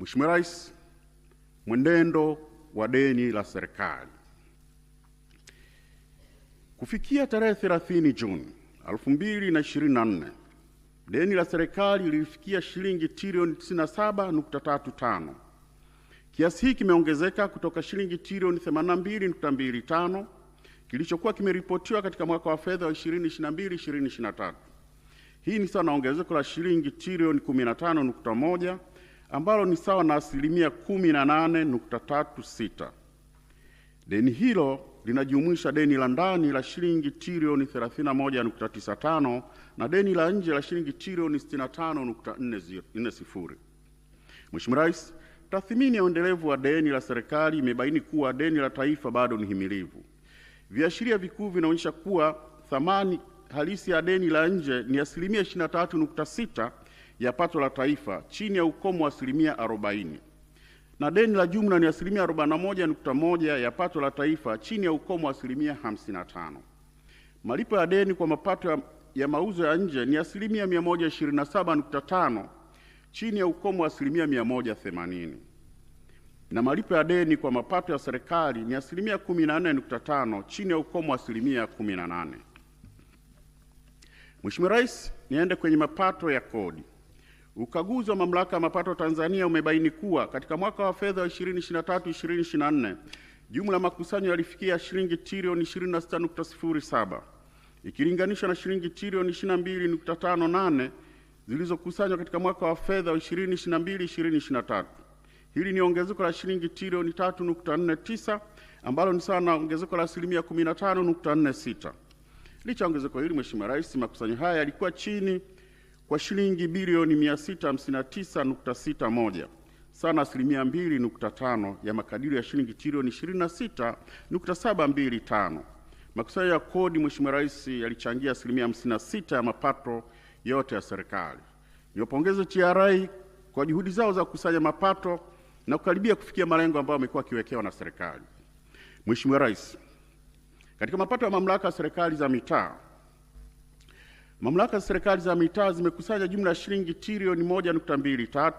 Mheshimiwa Rais, mwenendo wa deni la serikali kufikia tarehe 30 Juni 2024 deni la serikali lilifikia shilingi trilioni 97.35. Kiasi hiki kimeongezeka kutoka shilingi trilioni 82.25 kilichokuwa kimeripotiwa katika mwaka wa fedha wa 2022/2023. Hii ni sawa na ongezeko la shilingi trilioni 15.1 ambalo ni sawa na asilimia kumi na nane nukta tatu sita. Deni hilo linajumuisha deni la ndani la shilingi trilioni 31.95 na deni la nje la shilingi trilioni 65.40. Mheshimiwa Rais, tathmini ya uendelevu wa deni la serikali imebaini kuwa deni la taifa bado ni himilivu. Viashiria vikuu vinaonyesha kuwa thamani halisi ya deni la nje ni asilimia 23.6 ya pato la taifa chini ya ukomo wa asilimia 40 na deni la jumla ni asilimia 41.1 ya pato la taifa chini ya ukomo wa asilimia 55. Malipo ya deni kwa mapato ya, ya mauzo ya nje ni asilimia 127.5 chini ya ukomo wa asilimia 180 na malipo ya deni kwa mapato ya serikali ni asilimia 14.5 chini ya ukomo wa asilimia 18. Mheshimiwa Rais, niende kwenye mapato ya kodi. Ukaguzi wa Mamlaka ya Mapato Tanzania umebaini kuwa katika mwaka wa fedha 2023/2024 jumla ya makusanyo yalifikia shilingi trilioni 26.07 ikilinganishwa na shilingi trilioni 22.58 zilizokusanywa katika mwaka wa fedha 2022/2023. Hili ni ongezeko la shilingi trilioni 3.49 ambalo ni sawa na ongezeko la asilimia 15.46. Licha ongezeko hili, Mheshimiwa Rais, makusanyo haya yalikuwa chini kwa shilingi bilioni 659.61 sana asilimia 2.5 ya makadirio ya shilingi trilioni 26.725. Makusanyo ya kodi, Mheshimiwa Rais, yalichangia asilimia 56 ya mapato yote ya serikali. Niwapongeze TRA kwa juhudi zao za kukusanya mapato na kukaribia kufikia malengo ambayo amekuwa akiwekewa na serikali. Mheshimiwa Rais, katika mapato ya mamlaka ya serikali za mitaa Mamlaka za serikali za mitaa zimekusanya jumla ya shilingi trilioni 1.23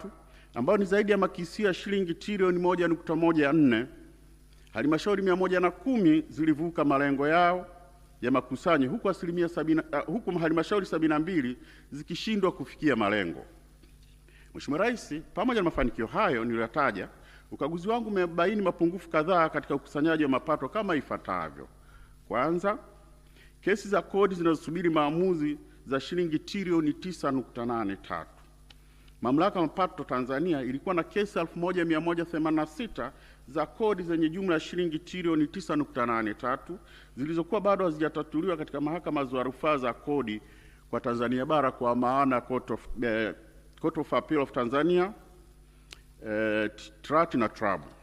ambayo ni zaidi ya makisio ya shilingi trilioni 1.14. Halmashauri kumi zilivuka malengo yao ya makusanyo huku asilimia sabina, uh, huku halmashauri mbili zikishindwa kufikia malengo. Mheshimiwa Rais, pamoja na mafanikio hayo niliyotaja, ukaguzi wangu umebaini mapungufu kadhaa katika ukusanyaji wa mapato kama ifuatavyo. Kwanza, kesi za kodi zinazosubiri maamuzi za shilingi trilioni 9.83. Mamlaka ya mapato Tanzania ilikuwa na kesi 1186 za kodi zenye jumla ya shilingi trilioni 9.83 zilizokuwa bado hazijatatuliwa katika mahakama za rufaa za kodi kwa Tanzania bara kwa maana Court of, eh, Court of Appeal of Tanzania eh, TRAT na TRAB.